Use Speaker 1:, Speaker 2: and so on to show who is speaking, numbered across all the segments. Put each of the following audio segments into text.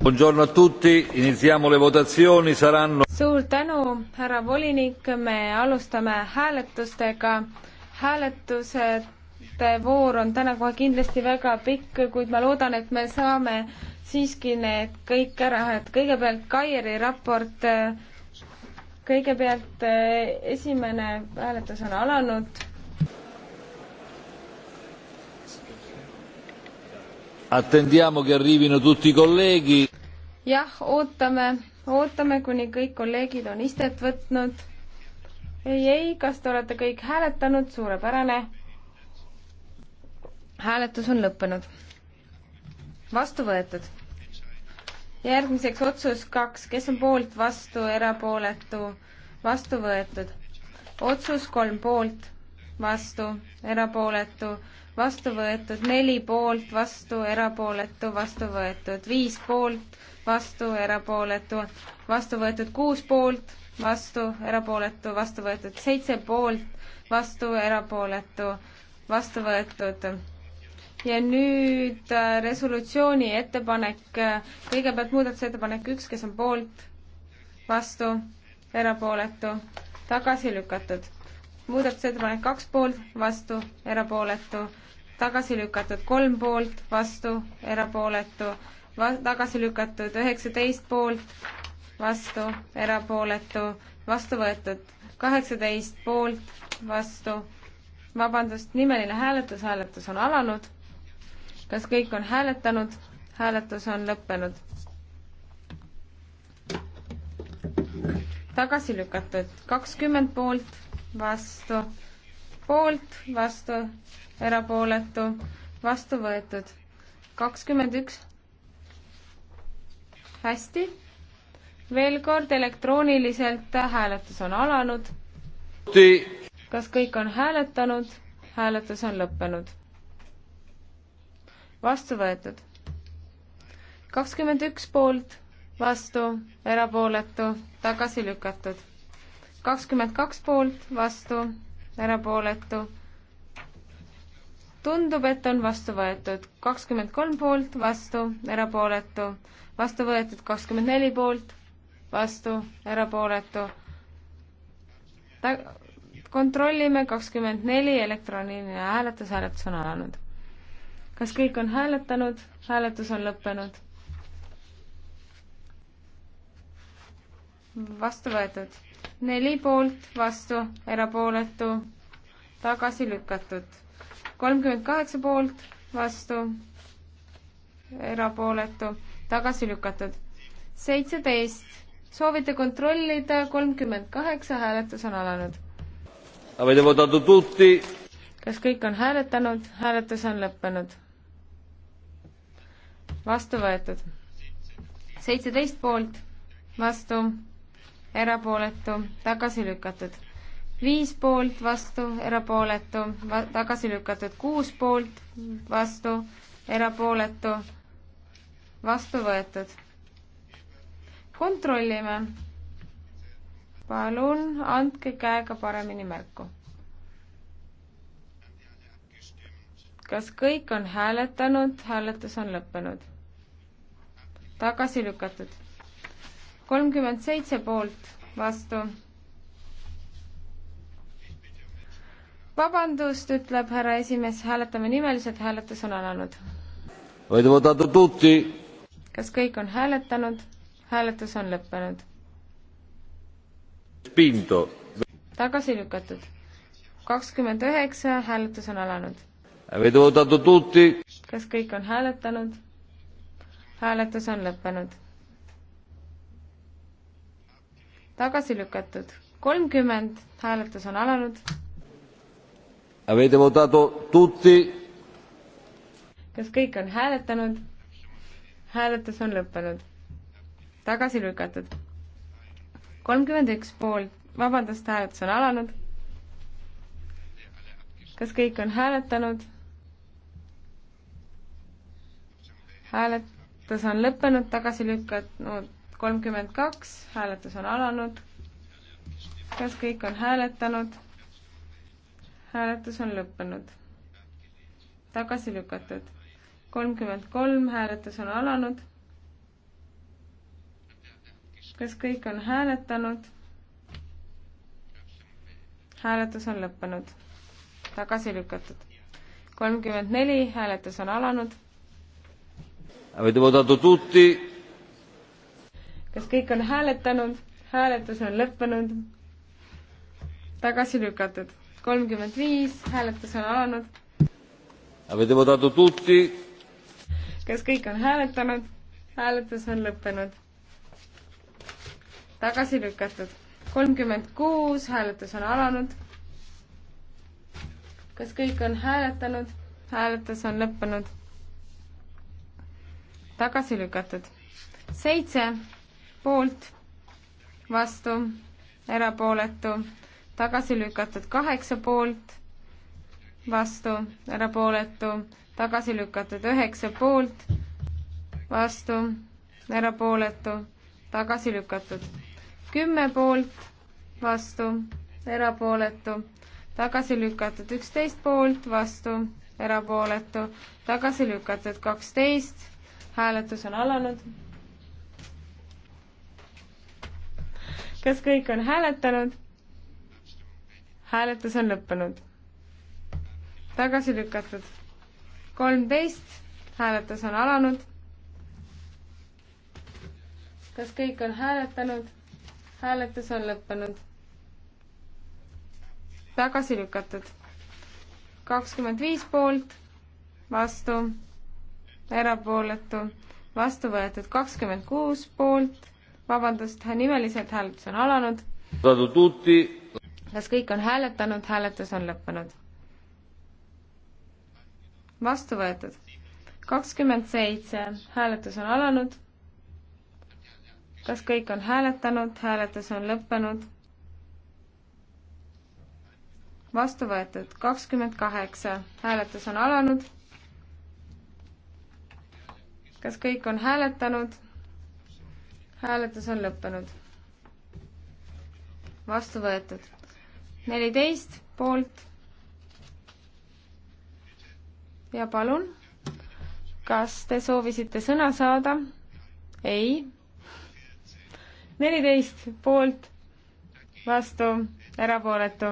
Speaker 1: Buongiorno a tutti, iniziamo le votazioni, saranno...
Speaker 2: suur tänu, härra volinik, me alustame hääletustega. hääletuste voor on täna kohe kindlasti väga pikk, kuid ma loodan, et me saame siiski need kõik ära, et kõigepealt Kairi raport, kõigepealt eh, esimene hääletus on alanud
Speaker 1: Attendiamo che arrivino tutti i colleghi.
Speaker 2: jah, ootame, ootame, kuni kõik kolleegid on istet võtnud. ei, ei, kas te olete kõik hääletanud, suurepärane. hääletus on lõppenud. vastu võetud. järgmiseks otsus kaks, kes on poolt, vastu, erapooletu, vastu võetud. otsus kolm poolt, vastu, erapooletu vastu võetud, neli poolt, vastu, erapooletu, vastu võetud, viis poolt, vastu, erapooletu, vastu võetud, kuus poolt, vastu, erapooletu, vastu võetud, seitse poolt, vastu, erapooletu, vastu võetud. ja nüüd äh, resolutsiooni ettepanek, äh, kõigepealt muudatusettepanek üks, kes on poolt, vastu, erapooletu, tagasi lükatud. muudatusettepanek kaks poolt, vastu, erapooletu tagasi lükatud kolm poolt, vastu, erapooletu, tagasi lükatud üheksateist poolt, vastu, erapooletu, vastu võetud kaheksateist poolt, vastu. vabandust, nimeline hääletus, hääletus on alanud. kas kõik on hääletanud? hääletus on lõppenud. tagasi lükatud kakskümmend poolt, vastu poolt, vastu, erapooletu, vastu võetud. kakskümmend üks. hästi. veel kord elektrooniliselt hääletus on alanud. kas kõik on hääletanud? hääletus on lõppenud. vastu võetud. kakskümmend üks poolt, vastu, erapooletu, tagasi lükatud. kakskümmend kaks poolt, vastu erapooletu. tundub, et on vastu võetud kakskümmend kolm poolt, vastu, erapooletu, vastu võetud kakskümmend neli poolt, vastu, erapooletu. ta-, kontrollime kakskümmend neli, elektrooniline hääletus, hääletus on alanud. kas kõik on hääletanud? hääletus on lõppenud. vastu võetud neli poolt, vastu, erapooletu, tagasi lükatud. kolmkümmend kaheksa poolt, vastu, erapooletu, tagasi lükatud. seitseteist, soovite kontrollida, kolmkümmend kaheksa, hääletus on alanud. kas kõik on hääletanud, hääletus on lõppenud? vastu võetud. seitseteist poolt, vastu erapooletu, tagasi lükatud. viis poolt, vastu, erapooletu va, tagasi lükatud. kuus poolt, vastu, erapooletu, vastu võetud. kontrollime. palun andke käega paremini märku. kas kõik on hääletanud? hääletus on lõppenud. tagasi lükatud kolmkümmend seitse poolt, vastu. vabandust, ütleb härra esimees, hääletame nimeliselt, hääletus on alanud. kas kõik on hääletanud? hääletus on lõppenud. tagasi lükatud. kakskümmend üheksa, hääletus on alanud. kas kõik on hääletanud? hääletus on lõppenud tagasi lükatud. kolmkümmend, hääletus on alanud. kas kõik on hääletanud? hääletus on lõppenud. tagasi lükatud. kolmkümmend üks poolt, vabandust, hääletus on alanud. kas kõik on hääletanud? hääletus on lõppenud, tagasi lükatud no, kolmkümmend kaks, hääletus on alanud. kas kõik on hääletanud? hääletus on lõppenud. tagasi lükatud. kolmkümmend kolm, hääletus on alanud. kas kõik on hääletanud? hääletus on lõppenud. tagasi lükatud. kolmkümmend neli, hääletus on alanud.
Speaker 1: Avete votato tutti?
Speaker 2: kas kõik on hääletanud? hääletus on lõppenud. tagasi lükatud. kolmkümmend viis, hääletus on alanud. kas kõik on hääletanud? hääletus on lõppenud. tagasi lükatud. kolmkümmend kuus, hääletus on alanud. kas kõik on hääletanud? hääletus on lõppenud. tagasi lükatud. seitse poolt, vastu, erapooletu, tagasi lükatud kaheksa poolt, vastu, erapooletu, tagasi lükatud üheksa poolt, vastu, erapooletu, tagasi lükatud kümme poolt, vastu, erapooletu, tagasi lükatud üksteist poolt, vastu, erapooletu, tagasi lükatud kaksteist, hääletus on alanud kas kõik on hääletanud? hääletus on lõppenud. tagasi lükatud. kolmteist, hääletus on alanud. kas kõik on hääletanud? hääletus on lõppenud. tagasi lükatud. kakskümmend viis poolt, vastu, erapooletu, vastu võetud kakskümmend kuus poolt vabandust, nimelised hääletus on alanud. kas kõik on hääletanud, hääletus on lõppenud? vastu võetud. kakskümmend seitse, hääletus on alanud. kas kõik on hääletanud, hääletus on lõppenud? vastu võetud kakskümmend kaheksa, hääletus on alanud. kas kõik on hääletanud? hääletus on lõppenud. vastu võetud. neliteist poolt. ja palun, kas te soovisite sõna saada? ei. neliteist poolt, vastu, erapooletu,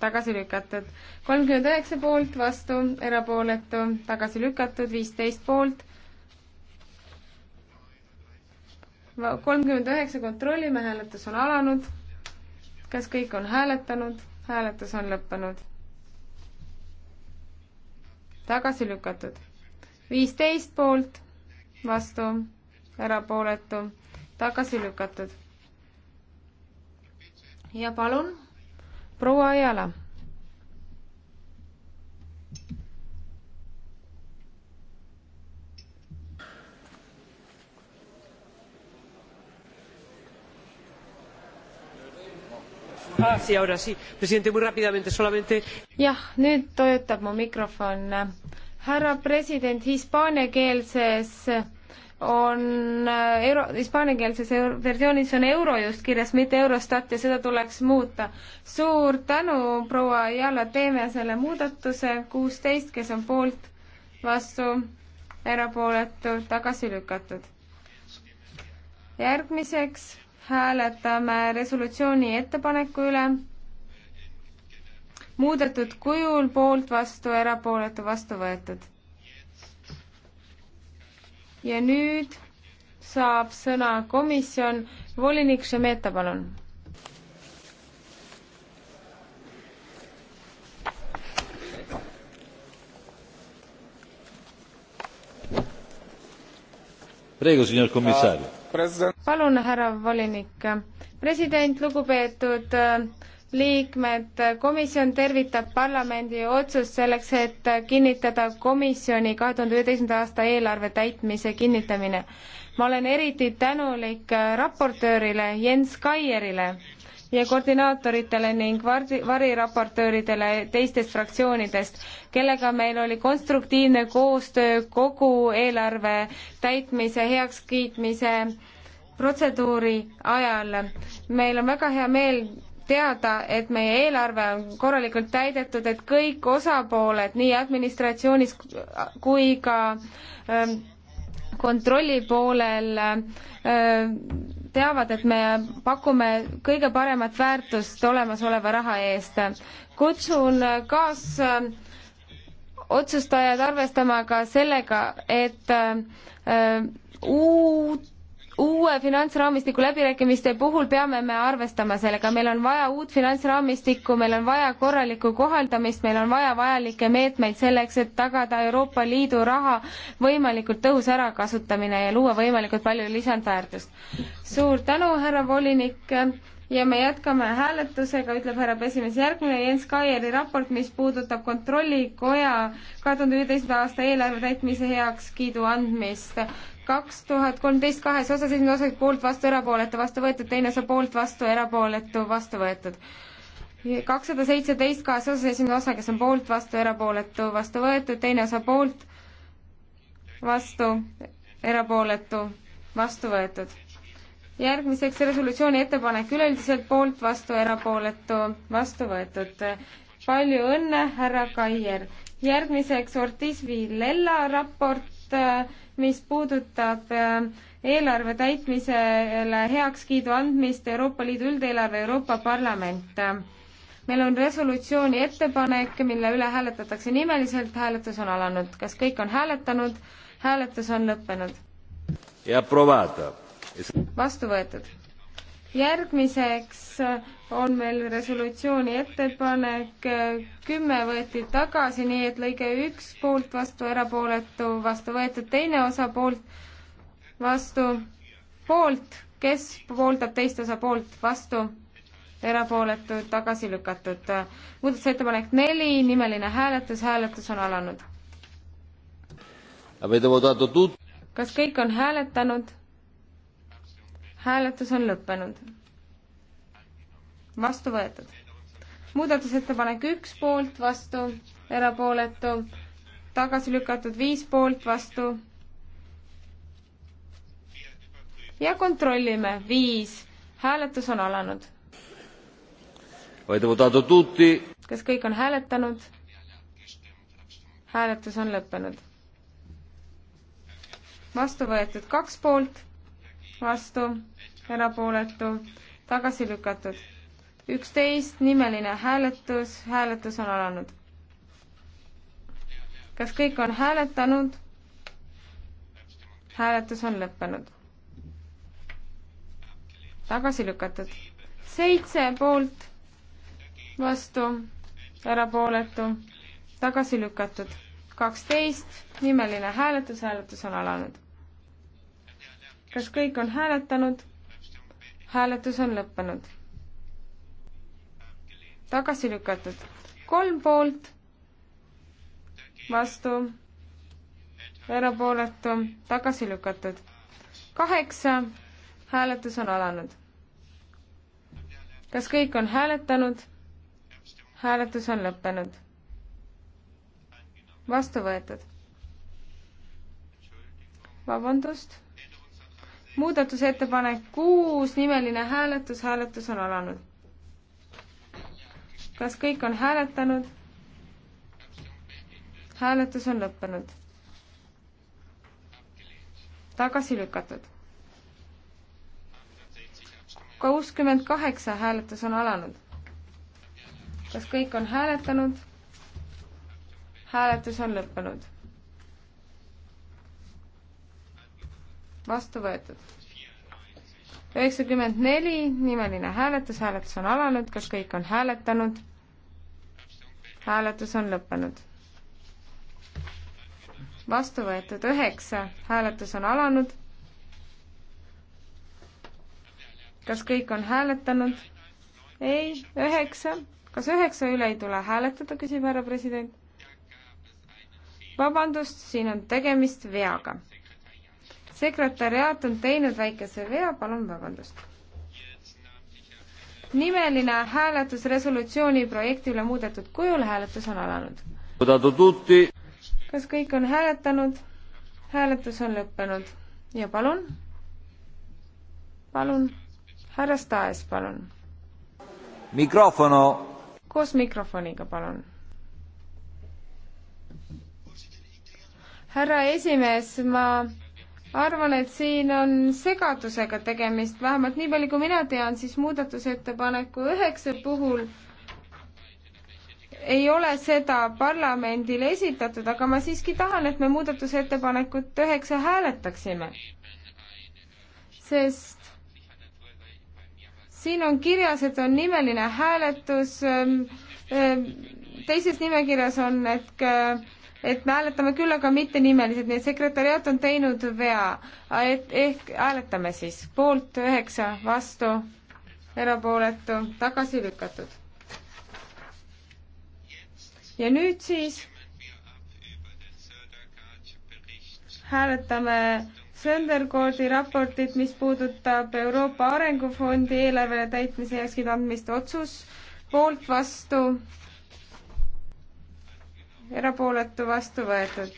Speaker 2: tagasi lükatud. kolmkümmend üheksa poolt, vastu, erapooletu, tagasi lükatud, viisteist poolt kolmkümmend üheksa kontrollime, hääletus on alanud. kas kõik on hääletanud? hääletus on lõppenud. tagasi lükatud. viisteist poolt, vastu, erapooletu, tagasi lükatud. ja palun, proua Ajala Ah, jah, nüüd töötab mu mikrofon. härra president, hispaaniakeelses on eh, euro, hispaaniakeelses versioonis on euro just kirjas, mitte Eurostat ja seda tuleks muuta. suur tänu, proua Jalla, teeme selle muudatuse, kuusteist, kes on poolt, vastu, erapooletu, tagasi lükatud. järgmiseks hääletame resolutsiooni ettepaneku üle. muudetud kujul poolt vastu, erapooletu vastu võetud. ja nüüd saab sõna komisjon. volinik Šemeta, palun.
Speaker 1: Prego, signor commissario
Speaker 2: palun, härra volinik. president, lugupeetud äh, liikmed, komisjon tervitab parlamendi otsust selleks, et kinnitada komisjoni kahe tuhande üheteistkümnenda aasta eelarve täitmise kinnitamine. ma olen eriti tänulik äh, raportöörile Jens Kaierile ja koordinaatoritele ning vardi, variraportööridele teistest fraktsioonidest, kellega meil oli konstruktiivne koostöö kogu eelarve täitmise heakskiitmise protseduuri ajal. meil on väga hea meel teada, et meie eelarve on korralikult täidetud, et kõik osapooled nii administratsioonis kui ka ähm, kontrolli poolel äh, teavad, et me pakume kõige paremat väärtust olemasoleva raha eest. kutsun kaas otsustajad arvestama ka sellega, et äh, uut uue finantsraamistiku läbirääkimiste puhul peame me arvestama sellega, meil on vaja uut finantsraamistikku, meil on vaja korralikku kohaldamist, meil on vaja vajalikke meetmeid selleks, et tagada Euroopa Liidu raha võimalikult tõhus ärakasutamine ja luua võimalikult palju lisandväärtust. suur tänu, härra volinik ja me jätkame hääletusega, ütleb härra Pesimees. järgmine Jens Kaieri raport, mis puudutab Kontrollikoja kahe tuhande üheteistkümnenda aasta eelarve täitmise heakskiidu andmist kaks tuhat kolmteist kahes osas, esimene osa poolt vastu, erapooletu vastu võetud, teine osa poolt vastu, erapooletu vastu võetud. kakssada seitseteist kahes osas, esimene osa, kes on poolt vastu, erapooletu vastu võetud, teine osa poolt vastu, erapooletu vastu võetud. järgmiseks resolutsiooni ettepanek üleüldiselt poolt vastu, erapooletu vastu võetud. palju õnne, härra Kaier. järgmiseks Ortiz Villella raport Äh, mis puudutab äh, eelarve täitmisele heakskiidu andmist Euroopa Liidu üldeelarve Euroopa Parlament. meil on resolutsiooni ettepanek, mille üle hääletatakse nimeliselt, hääletus on alanud. kas kõik on hääletanud? hääletus on lõppenud. vastu võetud järgmiseks äh, on meil resolutsiooni ettepanek, äh, kümme võeti tagasi, nii et lõige üks poolt vastu, erapooletu vastu võetud, teine osa poolt vastu, poolt, kes pooldab teist osa poolt, vastu, erapooletu, tagasi lükatud. muudatusettepanek neli, nimeline hääletus, hääletus on alanud. kas kõik on hääletanud? hääletus on lõppenud. vastu võetud. muudatusettepanek üks poolt, vastu, erapooletu, tagasi lükatud viis poolt, vastu. ja kontrollime, viis, hääletus on alanud. kas kõik on hääletanud? hääletus on lõppenud. vastu võetud kaks poolt vastu, erapooletu, tagasi lükatud. üksteist nimeline hääletus, hääletus on alanud. kas kõik on hääletanud? hääletus on lõppenud. tagasi lükatud. seitse poolt, vastu, erapooletu, tagasi lükatud. kaksteist nimeline hääletus, hääletus on alanud kas kõik on hääletanud? hääletus on lõppenud. tagasi lükatud. kolm poolt, vastu, erapooletu, tagasi lükatud. kaheksa, hääletus on alanud. kas kõik on hääletanud? hääletus on lõppenud. vastu võetud. vabandust muudatusettepanek kuus, nimeline hääletus, hääletus on alanud. kas kõik on hääletanud? hääletus on lõppenud. tagasi lükatud. kuuskümmend kaheksa hääletus on alanud. kas kõik on hääletanud? hääletus on lõppenud vastu võetud. üheksakümmend neli, nimeline hääletus, hääletus on alanud, kas kõik on hääletanud? hääletus on lõppenud. vastu võetud üheksa, hääletus on alanud. kas kõik on hääletanud? ei, üheksa. kas üheksa üle ei tule hääletada, küsib härra president. vabandust, siin on tegemist veaga sekretäriaat on teinud väikese vea, palun vabandust. nimeline hääletus resolutsiooni projekti üle muudetud kujul, hääletus on alanud. kas kõik on hääletanud? hääletus on lõppenud ja palun, palun, härra Staes, palun.
Speaker 1: Mikrofono.
Speaker 2: koos mikrofoniga, palun härra esimees, ma arvan, et siin on segadusega tegemist, vähemalt nii palju, kui mina tean, siis muudatusettepaneku üheksa puhul ei ole seda parlamendile esitatud, aga ma siiski tahan, et me muudatusettepanekut üheksa hääletaksime. sest siin on kirjas, et on nimeline hääletus, ähm, ähm, teises nimekirjas on, et äh, et me hääletame küll, aga mitte nimeliselt, nii et sekretäriat on teinud vea. et ehk hääletame siis poolt üheksa, vastu, erapooletu, tagasi lükatud. ja nüüd siis hääletame Sönderkoodi raportit, mis puudutab Euroopa Arengufondi eelarvele täitmise heakskiidu andmist, otsus poolt, vastu erapooletu vastu võetud.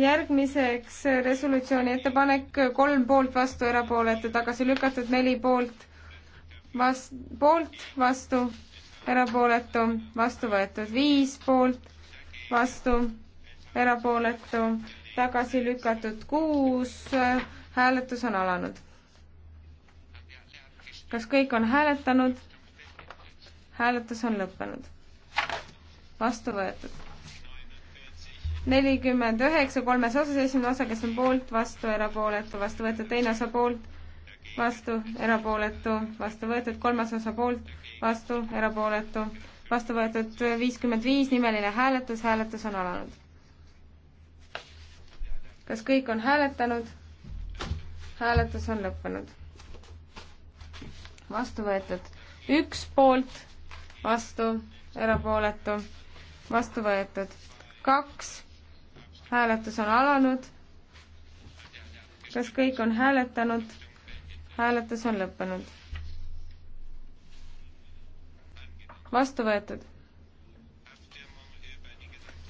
Speaker 2: järgmiseks resolutsiooni ettepanek kolm poolt vastu, erapooletu tagasi lükatud, neli poolt vas-, poolt vastu, erapooletu vastu võetud, viis poolt vastu, erapooletu tagasi lükatud, kuus hääletus on alanud. kas kõik on hääletanud? hääletus on lõppenud. vastu võetud nelikümmend üheksa kolmes osas, esimene osa, kes on poolt, vastu, erapooletu, vastu võetud, teine osa poolt, vastu, erapooletu, vastu võetud, kolmas osa poolt, vastu, erapooletu, vastu võetud viiskümmend viis, nimeline hääletus, hääletus on alanud. kas kõik on hääletanud? hääletus on lõppenud. vastu võetud üks poolt, vastu, erapooletu, vastu võetud kaks hääletus on alanud. kas kõik on hääletanud? hääletus on lõppenud. vastu võetud.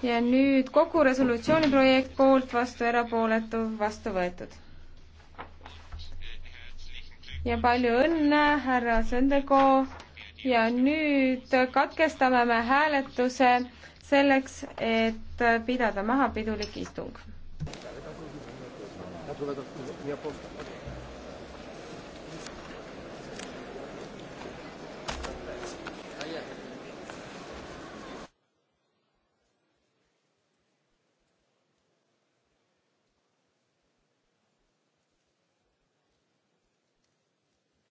Speaker 2: ja nüüd kogu resolutsiooni projekt poolt, vastu, erapooletu, vastu võetud ja palju õnne, härra Sõndekoo. ja nüüd katkestame me hääletuse selleks, et pidada maha pidulik istung.